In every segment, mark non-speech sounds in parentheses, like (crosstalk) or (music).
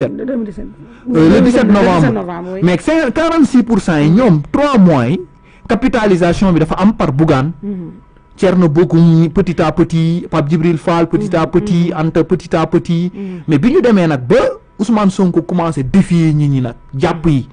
Euh, le 17 novembre mais pour cent yi ñoom trois mois yi capitalisation bi dafa am par Bougane mhm. Thierno na petit à petit Pape Djibril Fall petit à mhm. petit mhm. Anta petit à mais bi ñu demee nag ba Ousmane Sonko commencé défier ñi ñi nag jàpp yi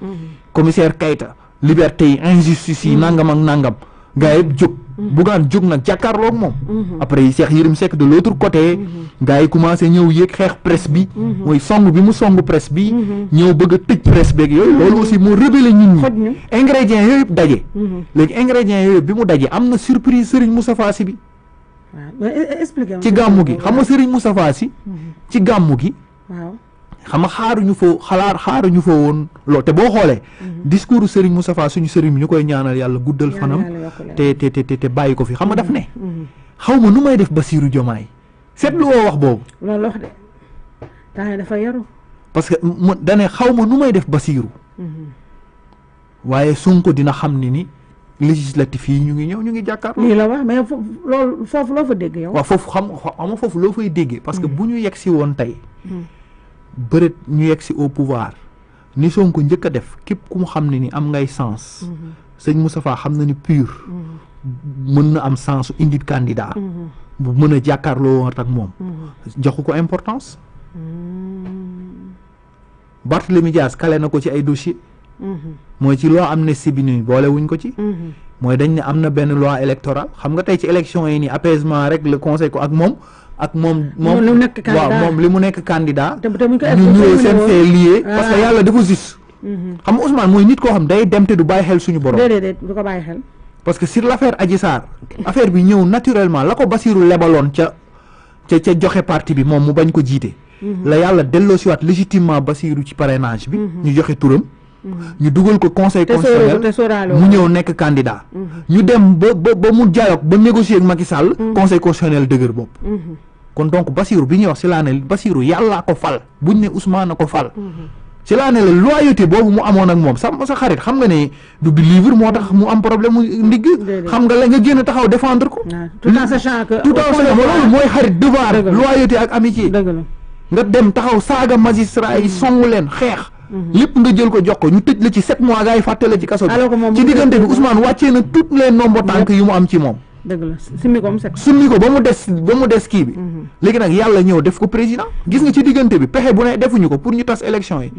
commissaire Keïta liberté yi injustice yi nangam ak nangam gars jóg Mm-hmm. Bougane jóg nag jàkkaarloog moom. Mm-hmm. après Cheikh Yérim Seck de l' autre côté. Mm-hmm. gars yi commencé ñëw yéeg xeex presse bi. mooy song bi mu song presse bi. ñëw bëgg a tëj presse beeg yooyu. loolu aussi moo révélé nit ñi. ingrédients yooyu yëpp daje. léegi ingrédients yooyu bi mu daje am na surprise Serigne Moustapha Sy bi. Eh, eh, ci gàmmu gi xam nga Serigne Moustapha Sy. ci gàmmu gi. xam nga xaaruñu foo xalaat xaaruñu foo woon loolu te boo xoolee. Mhm. discours mu Moustapha suñu Serigne ñu koy ñaanal yàlla guddal fanam. te te te te bàyyi ko fi xam nga daf ne. Mhm. Mhm. xaw ma nu may def Basirou Diomaye seetlu woo wax boobu. loolu dafa yaru. parce que mu dane xaw ma nu may def Basirou. waaye dina xam ni ni législatif yi ñu ngi ñëw ñu ngi jàkkaarloo. lii la wax mais loolu foofu loo fa xam xam foofu loo fay déggee. parce que bu ñu yegg si woon tey. bëreet ñu yegg si au pouvoir ni Sonko njëkk a def képp ku xam ne ni am ngay sens. Mhm. sëñ Moustapha xam na ni pur. Mhm. mën na am sens su indi candidat. Mhm. bu mën a jàkkaarloo woon ak moom. joxu ko importance. Barthélemy Dias kale na ko ci ay dossier Mm-hmm. mooy ci loo loi amnistie bi nii boole wuñ ko ci mm-hmm. mooy dañ ne am na benn loi électorale xam nga tey ci élection yi nii apaisement rek le conseil ko ak moom ak moom moom waaw moom li mu nekk candidat ñu ñëwee seen fee lié ah. parce que yàlla dafa juste mm-hmm. xam nga Ousmane mooy nit koo xam day dem du bàyyi xel suñu borom déedéet xel parce que sur l' affaire Adji affaire bi ñëw naturellement la ko Basiru lebaloon ca ca ca joxe parti bi moom mu bañ ko jiite la yàlla delloo delloosiwaat légitimement Basiru ci parrainage bi ñu joxe turam Mm-hmm. ñu dugal ko conseil constitutionnel mu ñew nek candidat mm-hmm. ñu dem ba ba ba mu jaayok ba négocier ak Macky Sall mm-hmm. conseil constitutionnel dëgër bop kon donc Bassirou bi ñuy wax si laa ne Bassirou ko fal buñ né Ousmane ko fal ci laa la loyauté bobu mu amone ak mom sa sa xarit xam nga né du bi livre mu am problème mu xam nga la nga génn taxaw défendre ko ah, tout en sachant que tout en sachant loolu xarit devoir loyauté ak amitié nga dem taxaw saaga magistrat yi songu len xex lépp nga jël ko jox ko ñu tëj la ci sept mois gars yi fàtte la ci kaso bi ci diggante bi Ousmane wàccee na toutes les nombre tànk yu mu am ci moom dëgg la summi ko ba mu des ba mu des kii bi mhm. léegi nag yàlla ñëw def ko président gis nga ci diggante bi pexe bu ne defuñu ko pour ñu tas élection yi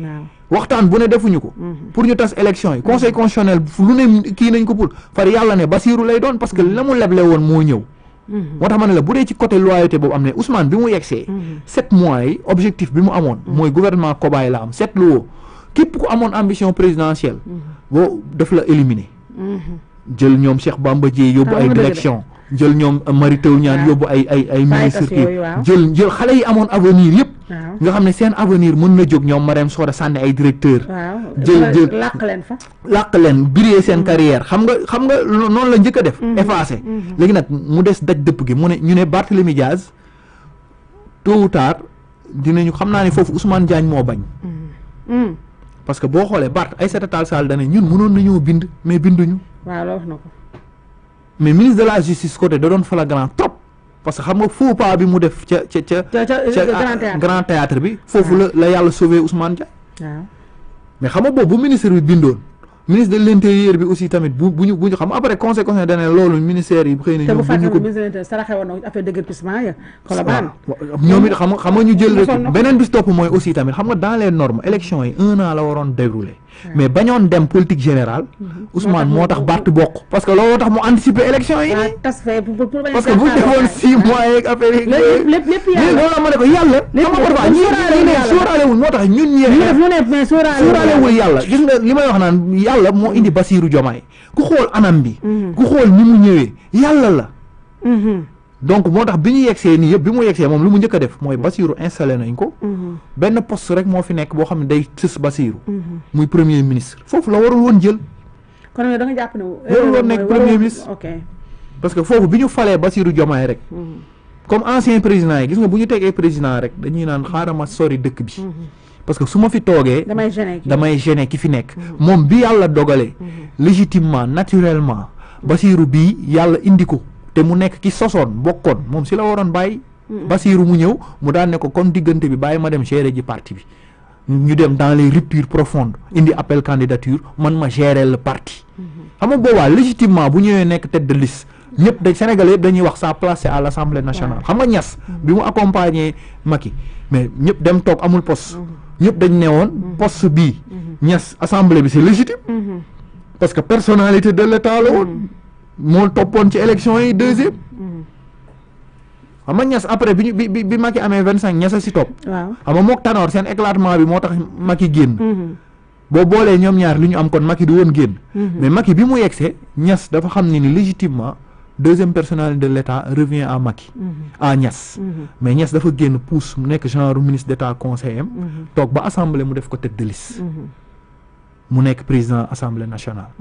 waxtaan bu ne defuñu ko mhm. pour ñu tas élection yi conseil constitutionnel lu ne kii nañ ko pour far yàlla ne Basiru lay doon parce la mu leble woon moo ñëw Wad mhm. hamane la, bode yi ki kote lwa yote bo amene Ousmane, bi mwen yekse, mhm. set mwen Objektif bi mwen amon, mwen mhm. yi governman Kobay Lam, set lou, ki pou amon Ambisyon prezidentiyel, vo Dof le elimine Jel nyom chek bambadje, yobo ah, yi direksyon jël ñoom Mary Teuw Niane yóbbu ay ay ay ministre kii jël jël xale yi amoon avenir yëpp nga xam ne seen avenir mën na jóg ñoom soo Soda sànni ay directeur jël jël làq leen fa làq leen biree seen mm. carrière xam nga xam nga noonu la njëkk a def mm-hmm. effacé mm-hmm. léegi nag mu des daj dëpp gi mu ne ñu ne Barthélémy Diaz tôt ou tard dinañu xam naa ne foofu Ousmane jaañ moo bañ mm-hmm. mm. parce que boo xoolee Bart Aïssata Tall Sall dana ñun mënoon nañoo bind mais binduñu mais ministre de la justice côté da doon flagrant trop parce que xam nga faux pas bi mu def ca ca ca grand théâtre bi foofu la yàlla sauvé Ousmane Dia mais xam nga boobu bu ministre bi bindoon ministre de l' intérieur bi aussi tamit bu bu ñu bu ñu xam après conseil conseil dana loolu ministère yi xëy na ñoom bu ñu ko ah, ñoom it xam nga xam nga ñu jël beneen bis topp mooy aussi tamit xam nga dans les normes élections yi un an la waroon dérouler mais bañoon dem politique générale. Mhm. Ousmane moo tax Barth bokk. parce que looloo tax mu anticiper élection yi. parce que bu defoon six mois yeeg affaire yi. lépp lépp lépp yàlla loolu ma ko yàlla. lépp lépp sóoraale wul moo tax ñun ñee. ñu def yàlla gis nga li may wax naan yàlla moo indi Basirou Diomaye ku xool anam bi. Mhm. ku xool ni mu ñëwee yàlla la. Mhm. donc moo tax bi ñu yegsee nii yëpp bi mu yegsee moom lu mu njëkk a def mooy mm-hmm. Bassirou installé nañ ko. Mm-hmm. benn poste rek moo fi nekk boo xam ne day sës Bassirou. Mm-hmm. muy premier ministre foofu la warul woon jël. kon da nga jàpp ne warul woon nekk premier ministre. parce que foofu bi ñu falee Bassirou Diomaye rek. comme ancien président yi gis nga bu ñu tegee président rek dañuy naan xaaral sori dëkk bi. parce que su ma fi toogee. damay gêné damay gêné ki fi nekk. moom bi yàlla dogalee. légitimement naturellement. Bassirou bii yàlla indi ko. te mu nek ki sosoon bokkoon mom si la waroon bàyyi. basiru mu ñew mu daan ne ko kon digënté bi bàyyi ma dem géré ji parti bi ñu dem dans les ruptures profondes indi appel candidature man ma gérer le parti. Mm-hmm. xam nga boowa légitimement bu ñëwé nek tête de liste. ñep da sénégalais yëpp dañuy wax sa place à l'assemblée nationale. xam nga ñass mm-hmm. bi mu accompagner maki mais ñep dem tok amul poste. Mm-hmm. ñep dañ néwon poste bi ñass assemblée bi c'est légitime. parce que personnalité de la moo toppoon ci élection yi deuxième. xam nga ñes après bi ñu bi bi bi Macky amee vingt cinq ñes a si topp. waaw xam nga mook Tanor seen éclatement bi moo tax Macky génn. Mhm. boo boolee ñoom ñaar li ñu am kon Macky du woon génn. Mhm. mais Macky bi mu yegsee ñes dafa xam ne ni légitimement deuxième personnalité de l' état revient à Macky. Mhm. à ñes. mais ñes dafa génn pousse mu nekk genre ministre d' état conseiller am. toog ba assemblée mu def ko tête de liste. mu nekk président assemblée nationale.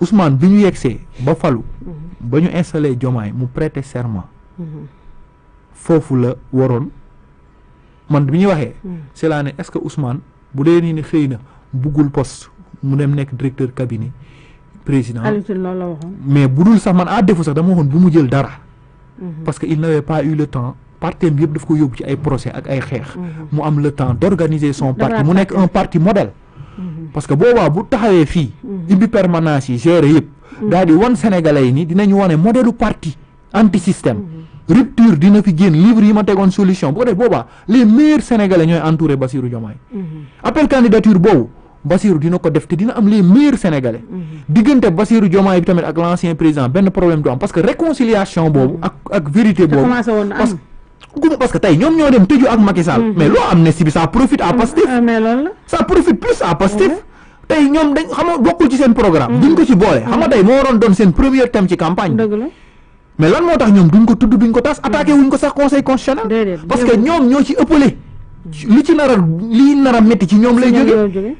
Ousmane bi ñu yegsee ba fallu. Mhm. ba a installé Diomaye mu prêter serment mhm. foofu la waroon man bi ñuy mhm. c'est là ne est-ce que Ousmane bu dee nii ne xëy poste mu dem nekk directeur cabinet président mais bu dul sax man à défaut sax dama waxoon bu mu jël dara parce que il n'avait pas eu le temps parti mieux yëpp daf ko procès ci ay procès ak ay xeex mu am le temps d'organiser son parti mu est un parti modèle parce que boobaa bu taxawee fii. Mhm. ibbi permanence yi gérer yëpp. Mhm. daal di wan sénégalais yi ni dinañu wane modèle parti anti système. Mhm. rupture dina fi génn livre yi ma tegoon solution bu ko def boobaa les meilleurs sénégalais ñooy entouré Bassirou Diomaye. appel candidature boobu Bassirou dina ko def te dina am les meilleurs sénégalais. diggante Bassirou Diomaye bi tamit ak l' ancien benn problème du am parce réconciliation boobu. ak ak vérité boobu parce guma parce que tey ñoom ñoo dem tëju ak Macky Sall. Mhm. mais loo amnistie bi ça profite à Pastef. Ah, ça profite plus à Pastef. tey ñoom dañ xam bokkul ci seen programme. Mhm. duñ ko ci boole xam nga tey moo waroon doon seen premier thème ci campagne mais lan moo tax ñoom duñ ko tudd duñ ko tas attaqué mhm. wuñ ko sax conseil constitutionnel. parce que ñoom ñoo ci ëppale. li ci nar a lii nar a métti ci ñoom lay jóge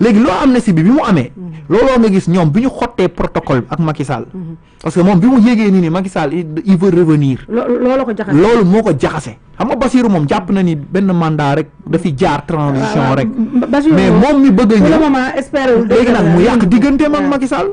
léegi loo am amnistie bi bi mu amee. Mhm. looloo nga gis ñoom bi ñu xottee protocole ak Macky Sall. Mhm. parce que moom bi mu yégee nii nii Macky Sall il veut revenir. loolu ko jaxase loolu moo ko jaxase. xam nga Basirou moom jàpp na nii benn mandat rek dafi jaar transition rek. mais moom mi bëgg a ñëw léegi nag mu yàq digganteem ak Macky Sall.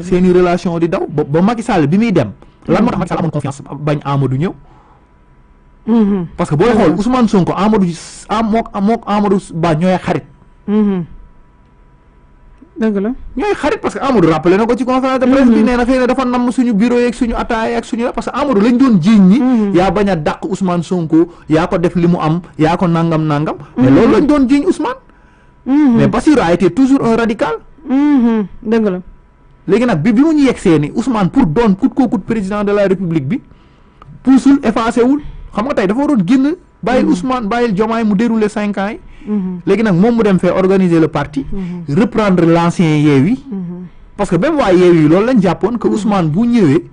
seen relation di daw ba Macky Sall bi muy dem lan motax Macky Sall amone confiance bañ Amadou ñew hmm parce que booy xol mm-hmm. Ousmane Sonko Amadou amok ah, amok ah, Amadou Ba ñoy xarit hmm deug la ñoy xarit parce que Amadou rappelé nako ci conférence de presse bi mm-hmm. néna na fii dafa nam suñu bureau yeeg suñu ataay ak suñu parce que Amadou lañ doon jiiñ ni mm-hmm. ya baña dak Ousmane Sonko ya ko def limu am ya ko nangam nangam mais loolu lañ doon jiiñ Ousmane hmm mais Bassirou a été toujours un radical dëgg la léegi nag bi bi mu ñu yegsee ni Ousmane pour doon kut koo kut président de la république bi puusul effacé wul xam nga tey dafa waroon génn bàyyil mm-hmm. Ousmane bàyyil Diomaye mu déroulé cinq ans yi mm-hmm. léegi nag moom mu dem fee organiser le parti mm-hmm. reprendre l'ancien Yewwi parce que même waa Yewwi loolu lañ jàppoon que Ousmane bu ñëwee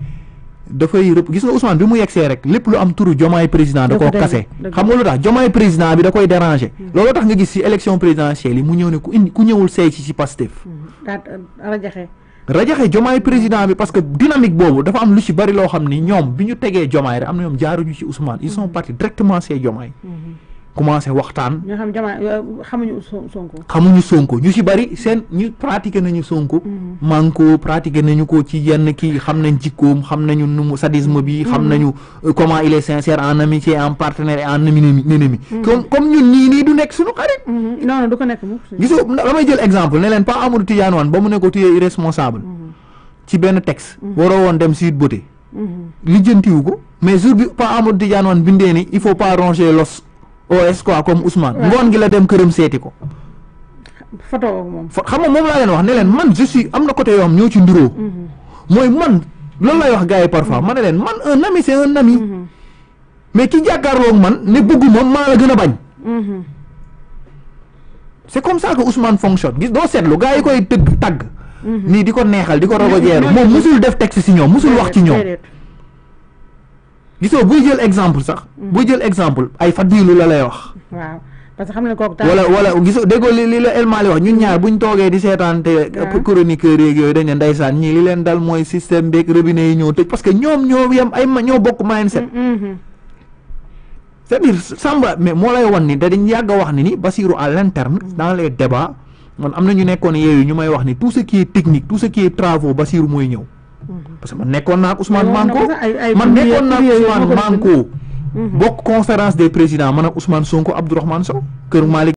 dafay rëpp gis nga Ousmane bi mu yegsee rek lépp lu am turu Diomaye président da koo kase xam nga lu tax Diomaye bi da koy déranger looloo tax gis ci élection présidentielle yi mu ñëw ne ku indi ku ñëwul say ci ci Pastef euh, rajaxe jomaay président bi parce que dynamique boobu dafa am lu ci bari loo xam ni ñoom bi ñu tegee jomaay rek am na ñoom jaaruñu ci Ousmane ils sont mm-hmm. partis directement see jomaay mm-hmm. commencé waxtaan. ñoo xam jamono euh, xamuñu Sonko. xamuñu Sonko ñu si bari seen ñu pratiqué nañu Sonko. Mm-hmm. manko pratiqué nañu ko ci yenn kii xam nañ jikkoom xam nañu nu mu sadisme bi. xam mm-hmm. nañu euh, comment il est sincère en amitié en partenaire et en mm-hmm. comme comme nii nii du nekk suñu xarit. non non du ko nekk moom. gisoo damay jël exemple ne leen pas Amadou Tidiane Wane ba mu ne ko tuyee irresponsable. ci benn texte. waroo woon dem si Beauté. lijjantiwu ko mais jour bi pas Amadou Tidiane Wane bindee ni il faut pas ronger l'os OS quoi comme Ousmane. ngoon ngi la dem këram seeti ko. photo moom. xam nga moom laa leen wax ne leen man je am na côté yoo xam ñoo ci nduróo. Mhm. mooy man loolu lay wax gars yi parfois mhm. ma ne leen man un ami c'est un ami. Mhm. mais ki jàkkaarloog man ne bëgguma maa la gën a bañ. c'est comme ça que Ousmane fonctionne gis doo seetlu gars yi koy tëgg tàgg. nii di ko neexal di ko rogo (laughs) jeeru moom musul def texte si ñoom musul wax ci ñoom. gisoo buy jël exemple sax. Mm. buy jël exemple ay fat fadilu la lay wax. waaw parce que xam nga wala wala gisoo déggoo li li la El Malick wax ñun ñaar buñ toogee di seetaan te. waaw ah. chroniqueur yeeg yooyu dañ ne ndeysaan ñii li leen dal mooy système beeg robinet yi ñoo tëj parce que ñoom ñoo yem ay ma ñoo bokk mindset. Mm, mm, c'est-à-dire Samba mais moo lay wan ni dañ yàgg wax ni ni Basirou à l'interne dans les débats man am na ñu nekkoon yeeyu ñu may wax ni tout ce technique tout ce qui est travaux Basirou mooy ñëw. parce que man nekkoon naa ak Ousmane Manko man nekkoon naa ak Ousmane Manko bokk conférence de président man ak Ousmane Sonko Abdourahmane Sow kër Malick